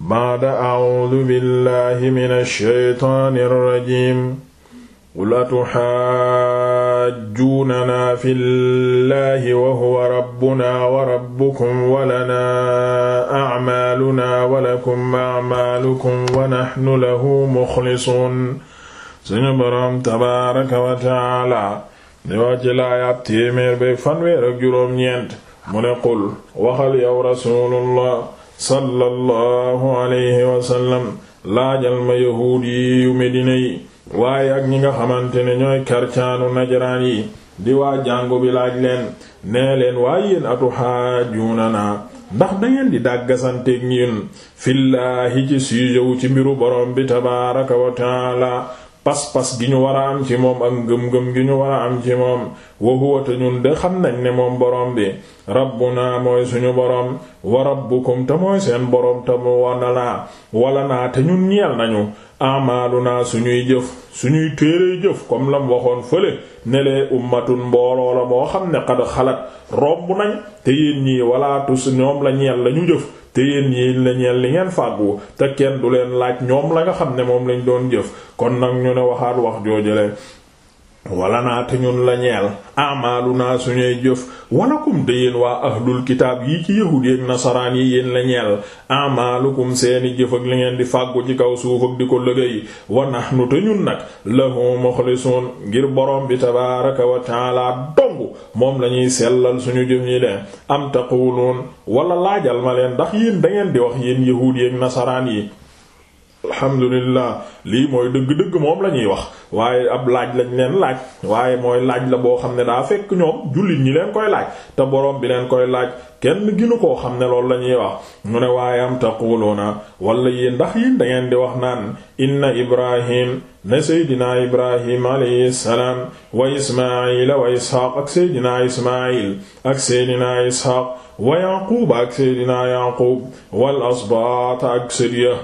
baada audu billahi min alsheytaani alrajim qul atuxaajjuunanaa fi llahi wa huwa rabbuna wa rabbukum wa lanaa acmaalunaa wa lakum acmaalukum wa naxnu lahu muxlisuun suñu boroom tabaaraka wa tacaala di wax ci laayaab téeméer ba fanweer ak juróom-ñeent mu ne qul waxal yow rasuulullah sallallahu alayhi wasallam laajal ma yahuud medina yi waaye ak ñi nga xamante ne ñooy karcaanu najraan yi di waa jàngu bi laaj leen nee leen waaye yéen atu xaajuuna naa ndax dangeen di dàggasanteeg ñun fillaahi ci sujewu ci mbiru borom bi tabaaraka wa taala pas-pas gi ñu war a am ci moom ak ngëm-ngëm gi ñu war a am ci moom wa huwa te ñun de xam nañ ne moom boroom bi naa mooy suñu boroom wa rabbukum te mooy seen borom te mu wana naa wala naa te ñun ñeel nañu amaaluna suñuy jëf suñuy téere jëf comme lam waxoon fële ne lee mbooloo la boo xam ne xad xalat romb nañ te yéen ñii wala su ñoom la ñeel lañu jëf te yéen yi la ñeel li ngeen fàggu te kenn du leen laaj ñoom la nga xam ne moom lañ doon jëf kon nag ñu ne waxaat wax joojale wala naa te ñun la ñeel amaalu naa suñuy jëf walakum te yéen waa ahlul kitaab yi ci yahud yi ak nasaraan yi yéen la ñeel amaalukum seeni jëf ak li ngeen di fàggu ci kaw suuf di ko liggéey wa nahnu te ñun nag lahu mukhlisun ngir borom bi tabaaraka wa taala dong moom lañuy ñuy sellal suñu jëf ñi de am taquluun wala laajal ma leen ndax yéen da ngeen di wax yéen yahud yi nasaraan yi. alhamdulillah lii mooy dëgg-dëgg moom la ñuy wax waaye ab laaj lañ leen laaj waaye mooy laaj la boo xam ne daa fekk ñoom jullit ñi leen koy laaj te boroom bi leen koy laaj kenn ginu koo xam ne loolu la ñuy wax mu ne waaye am na walla yéen ndax yéen da ngeen di wax naan inna ibrahim ne seydina ibrahim alayhi salaam wa ismaila wa isxaaq ak seydina ismail ak seydina isxaaq wa yaqub ak seydina yaqub wal asbaat ak sëriya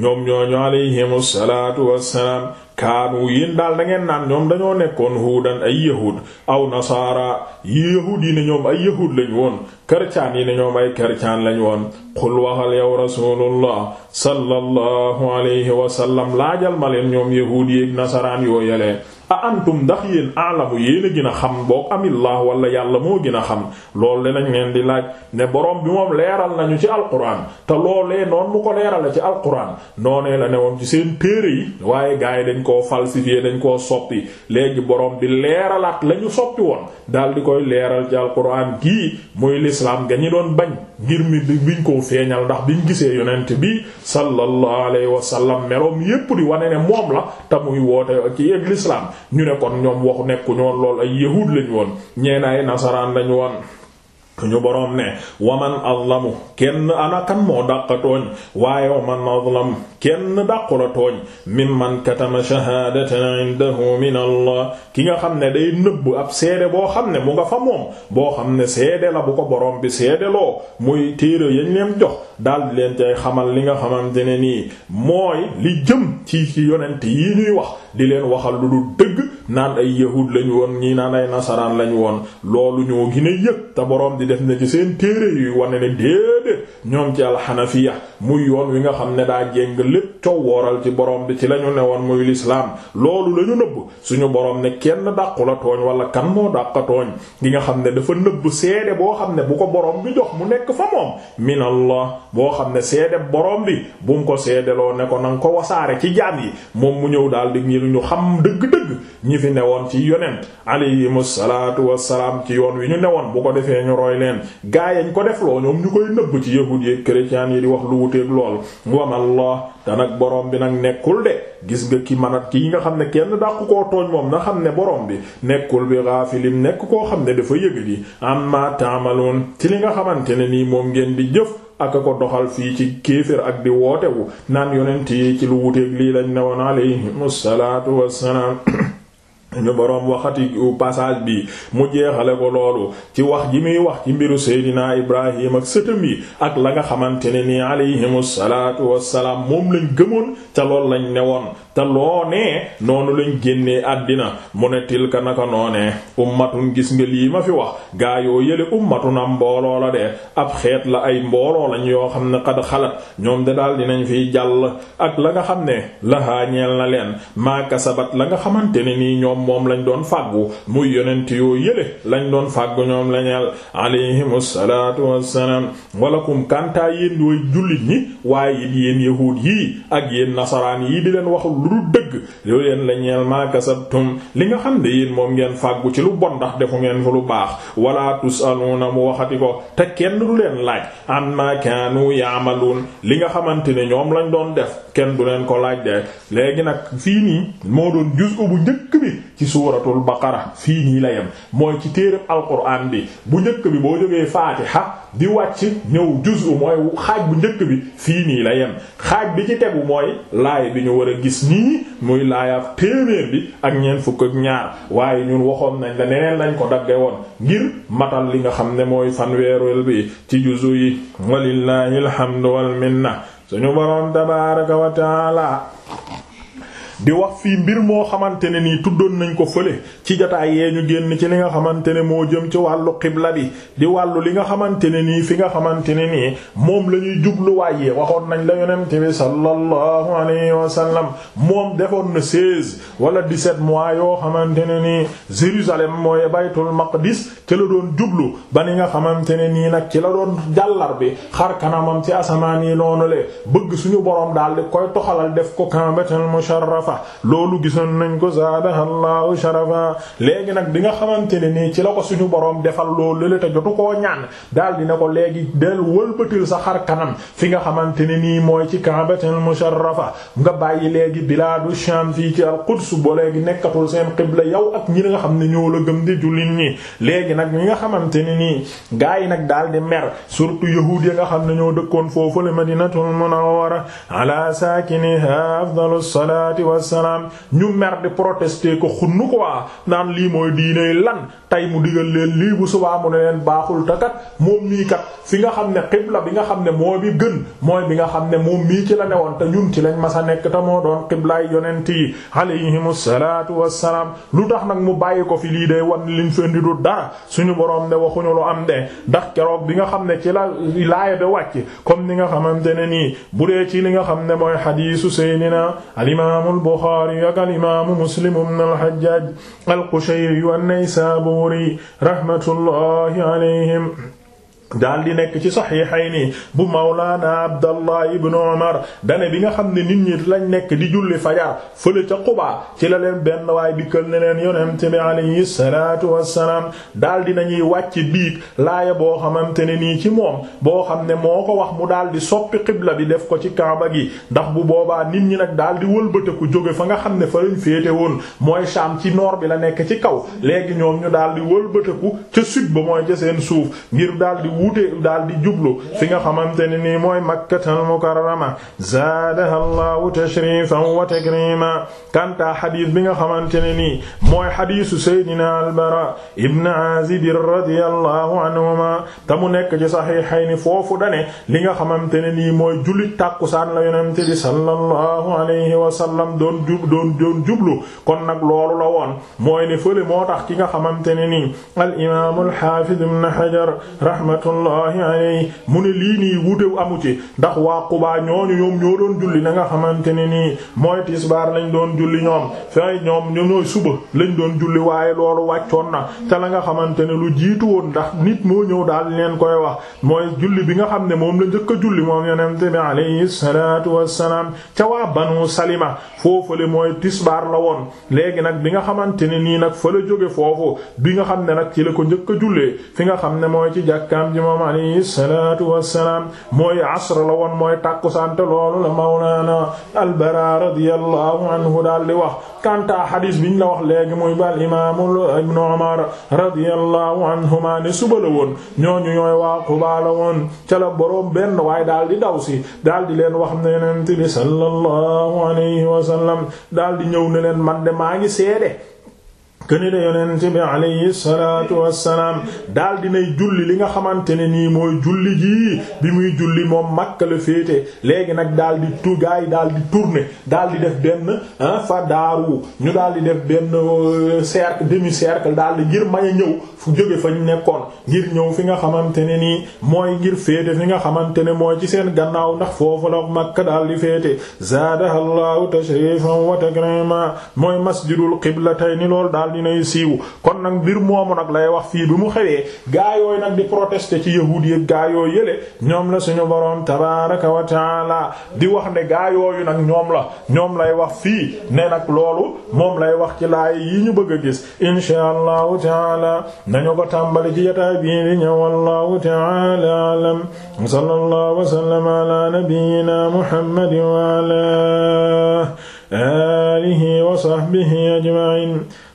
ñoom ñooñu alayhimu salaatu wassalaam kaanu yéen daal da ngeen naan ñoom dañoo nekkoon huudan ay yahud aw nasaara yahud yi ne ñoom ay yahud lañ woon kercaan yi ne ñoom ay kercaan lañ woon xul waxal yow rasulullah sallallahu alayhi wa sallam laajal ma leen ñoom yahud yi nasaraan yoo yelee a antum ndax yéen aalamu yéen a gën a xam boog amillah wala yàlla moo gin a xam loolu lañ leen di laaj ne borom bi moom leeral nañu ci alquran te loolee noonu mu ko leerale ci alquran noonee koo falsifié dañ ko soppi léegi borom bi leeralaat lañu soppi woon daal di koy leeral ci alquran gii muy lislaam ga ñu doon bañ ngir mi di biñ koo feeñal ndax biñ gisee yonent bi sallallahu alayhi wa sallam meroom yépp di wane ne moom la te woote ci yegg lislaam ñu ne kon ñoom waxu nekku ñoon lool ay yahuud lañu woon ñeena ay nasaraan lañu woon ñu boroom ne waman azlamu kenn anakan moo dàq tooñ waaye waman azlam kenn dàqu la tooñ mimman katama shahaadatan indahu min ki nga xam ne day nëbb ab seede boo xam ne mu nga fa moom boo xam ne seede la bu ko boroom bi seede loo muy téere yañ leen jox daal di leen cay xamal li nga xamante ne nii mooy li jëm ci ci yonent yi ñuy wax di leen waxal lu dul dëgg naan ay yahud lañ woon ñi naan ay nasaraan lañu woon loolu ñoo gën a yëg te boroom di def na ci seen téere yuy wane ne déedéet ñoom ci alxanafiya muy yoon wi nga xam ne daa jéng lépp coow wooral ci boroom bi ci lañu ne woon muy lislaam loolu la ñu nëbb suñu boroom ne kenn dàqu la tooñ wala kan moo dàqa tooñ gi nga xam ne dafa nëbb seede boo xam ne bu ko boroom bi jox mu nekk fa moom min boo xam ne seede boroom bi bu mu ko seedeloo ne ko nanga ko ci jaam yi moom mu ñëw daal di ñi fi newoon ci yonent alayhimu salaatu wassalaam ci yoon wi ñu newoon bu ko defee ñu roy leen gaayañ ko def loo ñoom ñu koy nëbb ci yahud yi chrétiens yi di wax lu wuteeg lool wamallah te nag boroom bi nag nekkul de gis nga ki manat ki nga xam ne kenn dàq koo tooñ moom na xam ne boroom bi nekkul bi gaafilin nekk koo xam ne dafa yëg yi di amma taamaloon ci li nga xamante ne nii moom ngeen di jëf ak ko doxal fii ci kéefër ak di wootewu naan yonent ci lu wuteeg lii lañ newoon alayhimu salaatu wassalaam ñu boroom waxati passage bi mu jeexale ko loolu ci wax ji muy wax ci mbiru Seydina Ibrahim ak sëtam yi ak la nga xamante ne nii alayhimu salaatu wassalaam moom lañ gëmoon ca loolu lañ woon te loonee noonu lañ génnee àddina mu ne tilka naka noonee ummatun gis nga lii ma fi wax gaa yoo yële ummatun am mbooloo la de ab xeet la ay mbooloo lañ yoo xam ne xad xalat ñoom de daal dinañ fiy jàll ak la nga xam ne lahaa ñeel na leen maa sabat la nga xamante ne nii ñoom moom lañ doon fàggu mu yonent yoo yële lañ doon fàggu ñoom la ñeel alayhimu salaatu wassalaam walakum kantaa yéen dooy jullit ñi waaye it yéen yahuud yii ak yéen nasaraan lu dul dëgg yow yéen la ñeel maa kasabtum li nga xam ne yéen moom ngeen fàggu ci lu bon ndax defu ngeen fu lu baax wala tusaluna mu waxati ko te kenn du leen laaj amma kaanu yaamaluun li nga xamante ne ñoom lañ doon def kenn du leen ko laaj de léegi nag fii nii moo doon juz'u bu njëkk bi ci suuratul baqara fii nii la yem mooy ci téeram alquraan bi bu njëkk bi boo jógee faatiha di wàcc ñëw juz'u mooy xaaj bu njëkk bi fii nii la yem xaaj bi ci nii muy laaya téeméer bi ak ñeent fukk ak ñaar waaye ñun waxoon nañ la neneen lañ ko dagge woon ngir matal li nga xam ne mooy fanweerul bi ci juzu yi walillahi alhamdu wal minna suñu boroom tabaaraka wa di wax fii mbir moo xamante ne nii tuddoon nañ ko fële ci jotaay yee ñu génn ci li nga xamante ne moo jëm ci wàllu xibla bi di wàllu li nga xamante ne nii fi nga xamante ne nii moom la ñuy jublu waaye waxoon nañ la yonent bi sallallahu alayhi wa sallam moom defoon na seize wala dix-sept mois yoo xamante ne nii Jérusalem mooy baytul maqdis ci la doon jublu ba ni nga xamante ne nii nag ci la doon jàllar bi xar kanamam ci asamaan yi noonu le bëgg suñu borom daal di koy def ko Kaabatul sharafa loolu gisoon nañ ko zaadahallahu sharafa léegi nag bi nga xamante ne nii ci la ko suñu boroom defal loolu lële te jotu ko ñaan daal ne ko léegi del wëlbatil sa xar kanam fi nga xamante ne nii mooy ci kaabatil musharrafa nga bàyyi léegi bilaadu sham fii ci al quds bo léegi nekkatul seen qibla yow ak ñi nga xam ne ñoo la gëm di jullit ñi léegi nag ñi nga xamante ne nii gaa yi nag daal di mer surtout yahuud yi nga xam ne ñoo dëkkoon foofu le madinatul munawwara ala saakiniha afdalus salaati wassalaam ñu mer di protester ko xunnu ko waa naan lii mooy diiney lan tey mu digal leen lii bu subaa mu ne leen baaxul te kat moom mii kat fi nga xam ne xibla bi nga xam ne moo bi gën mooy bi nga xam ne moom mii ci la newoon te ñun ci lañ masa nekk te moo doon xiblaay yonent yi alayhimu salaatu wassalaam lu tax nag mu bàyyi ko fi lii day wan liñ fendi du dara suñu boroom ne waxuñu lu am de ndax keroog bi nga xam ne ci la laaya ba wàcc comme ni nga xamante ne nii bu dee ci li nga xam ne mooy hadiisu sayyidina al-imaam Buxaari ak al imaamu Muslim ibn al Hajjaaj al Qushayri an-Naysaabuuri rahmatullahi alayhim daal di nekk ci yi saxiixayni bu Mawlaana Abdallah ibn Umar dane bi nga xam ne nit ñi lañ nekk di julli fajar fële ca Quba ci la leen benn waay dikkal ne leen yonent bi alayhi salaatu wassalaam daal di nañuy wàcc biig laaya boo xamante ne nii ci moom boo xam ne moo ko wax mu daal di soppi xibla bi def ko ci Kaaba gi ndax bu boobaa nit ñi nag daal di wëlbateku jóge fa nga xam ne fa lañ féete woon mooy saam ci noor bi la nekk ci kaw léegi ñoom ñu daal di wëlbateku ca sud suuf ngir daal wuute daal di jublu fi nga xamante ne nii mooy makkatal mukarrama zaadaha allahu tashrifan wa takrima kanta xadis bi nga xamante ne nii mooy xadisu saydina albara ibn azib radiyallahu anhuma te mu nekk ci saxiixayni foofu dane li nga xamante ne nii mooy julli tàkkusaan la yonente bi sallallahu alayhi wa sallam doon jub doon doon jublu kon nag loolu la woon mooy ne fële moo tax ki nga xamante ne nii al imaam al xaafid ibn hajar rahmat rahmatullahi alayhi mu ne lii nii wuute amu ci ndax waa Quba ñooñu ñoom ñoo doon julli na nga xamante ne nii mooy tisbaar lañ doon julli ñoom fay ñoom ñooy suba lañ doon julli waaye loolu wàccoon na te la nga xamante ne lu jiitu woon ndax nit moo ñëw daal leen koy wax mooy julli bi nga xam ne moom la njëkk a julli moom yonent bi alayhi salaatu wassalaam ca waa Banu Salima foofale mooy tisbaar la woon léegi nag bi nga xamante ne nii nag fa la jóge foofu bi nga xam ne nag ci la ko njëkk a jullee nga xam ne mooy ji moom alayhi salaatu wassalaam mooy asr la woon mooy tàkkusaan te loolu la mawlaana albara radiyallahu anhu daal di wax kanta xadis biñ la wax léegi muy bal imaamul ibnu umar radiyallahu anhuma ne suba la woon ñooñu waa Quba la woon ca la boroom benn waaye daal di daw daal di leen wax ne yonent bi sallallahu wasallam daal di ñëw ne leen man de maa ngi seede këni de yonent bi alayhi salaatu wassalaam daal dinay julli li nga xamante ne nii mooy julli jii bi muy julli moom makk la féete léegi nag daal di tu gaa yi daal di tourner daal di def benn fa daaru ñu daal di def benn euh, cercle demi cercle daal di ngir mañ ñëw fu jóge ñu nekkoon ngir ñëw fi nga xamante ne nii mooy ngir féete fi nga xamante ne mooy ci seen gannaaw ndax foofu la Makka daal di féete zaadahallahu tashrifan wa takrima mooy masjidul qiblatayn lool daal dinay siiw kon nag bir moomu nag lay wax fii bi mu xewee gaa yooyu nag di protester ci yahuud yi gaa yoo yële ñoom la suñu boroom tabaaraka wa taala di wax ne gaa yooyu nag ñoom la ñoom lay wax fii ne nag loolu moom lay wax ci laay yi ñu bëgg a gis insha allahu taala nañu ko tàmbali ci jotaay bii di ñëw wallahu taala alam sallallahu wa sallama ala nabiyyina muhammad wa ala alihi wa sahbihi ajma'in